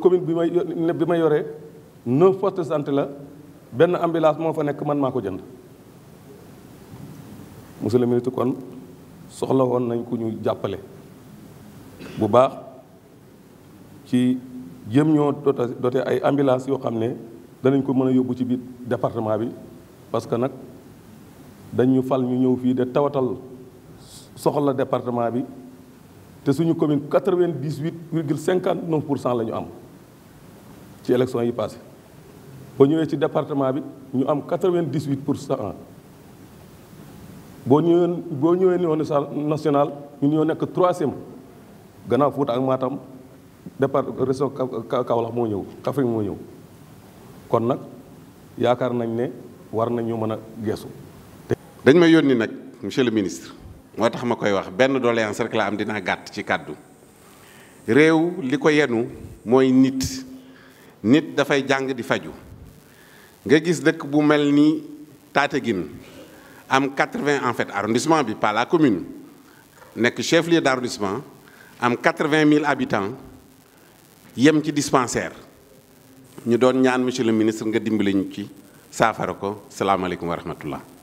commune bi may bi ma yore neuf postes de la benn ambulance moo fa nekk man maa ko jënd monsieur le kon soxla woon nañ ku ñu jàppale bu baax ci jëm ñoo dote ay ambulance yoo xam ne danañ ko mën a yóbbu ci biir département bi parce que nag dañ fal ñu ñëw fii de tawatal soxla département bi de notre commune, 98,59% de nous avons. C'est l'élection passé passe. Si nous sommes département, nous avons 98%. Si nous sommes national, nous sommes que troisième. Gana faut un matam départ réseau kawla moño kafri moño kon nak yakar nañ ne war nañu mëna gesu dañ may yoni nak monsieur le ministre moo tax makoy wax ben doléance rek la am dina gatt ci cadeau rew liko yenu moy nit nit fay jang di faju nga gis dëkk bu melni ni am 80 en fait arrondissement bi pas la commune nek chef lieu d'arrondissement, am 80 000 habitants yem ci dispensaire ñu doon ñaan monsieur le ministre nga dimbali ñu ci saafara ko alaykum wa rahmatullah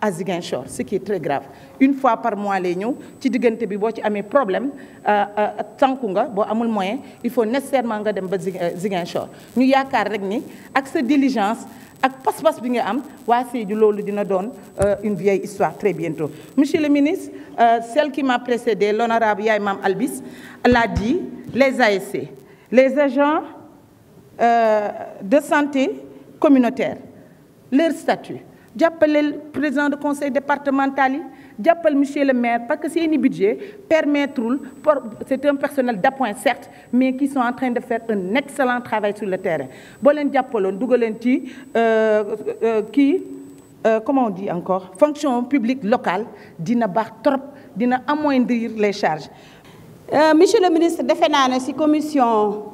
à Zigenchor, ce qui est très grave une fois par mois les gens, ci tu bi boo ci Tant problème euh, euh, tànku nga moyen il faut nécessairement nga Zigenchor. Euh, Nous, Nous ñu avons rek ni ak diligence ak pas-pas bi nga am waa ce dina donne une vieille histoire très bientôt monsieur le ministre celle qui m'a précédé l'honorable Imam Imam Albis l'a dit les ASC les agents de santé communautaire leur statut J'appelle le président du conseil départemental j'appelle M. le maire parce que c'est un budget permettre, c'est un personnel d'appoint certes mais qui sont en train de faire un excellent travail sur le terrain Bon, un qui, comment on dit encore fonction publique locale dina baax trop les charges euh, monsieur le ministre des naa si commission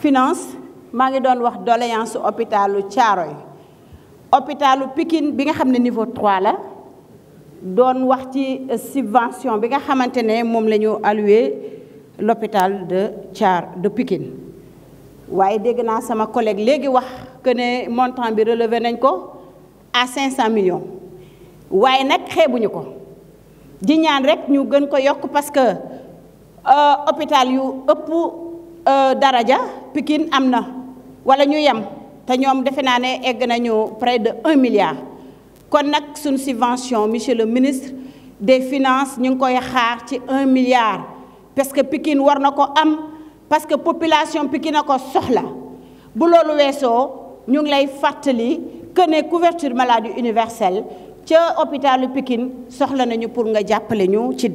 finance maa don doon wax doléance hôpital hôpitalu Pikine bi nga xam niveau 3 la doon wax ci subvention bi nga xamante ne moom la ñu l'hôpital de Thiar de Pikine waaye dégg naa sama collègue léegi wax que ne montant bi relevé nañ ko à 500 millions waaye nag xeebuñu ko di ñaan rek ñu gën ko yokk parce que euh, hôpital yu ëpp euh, daraja Pikine am na wala ñu yem. Nous ñoom defe près de 1 milliard Nous avons une subvention monsieur le ministre des finances ñu koy xaar milliard parce que Pikine war ko am parce que population Pikine a ko soxla bu Nous avons ñu que couverture maladie universelle ca hôpitalu Pikine soxla nañu pour nga jàppale ñu ci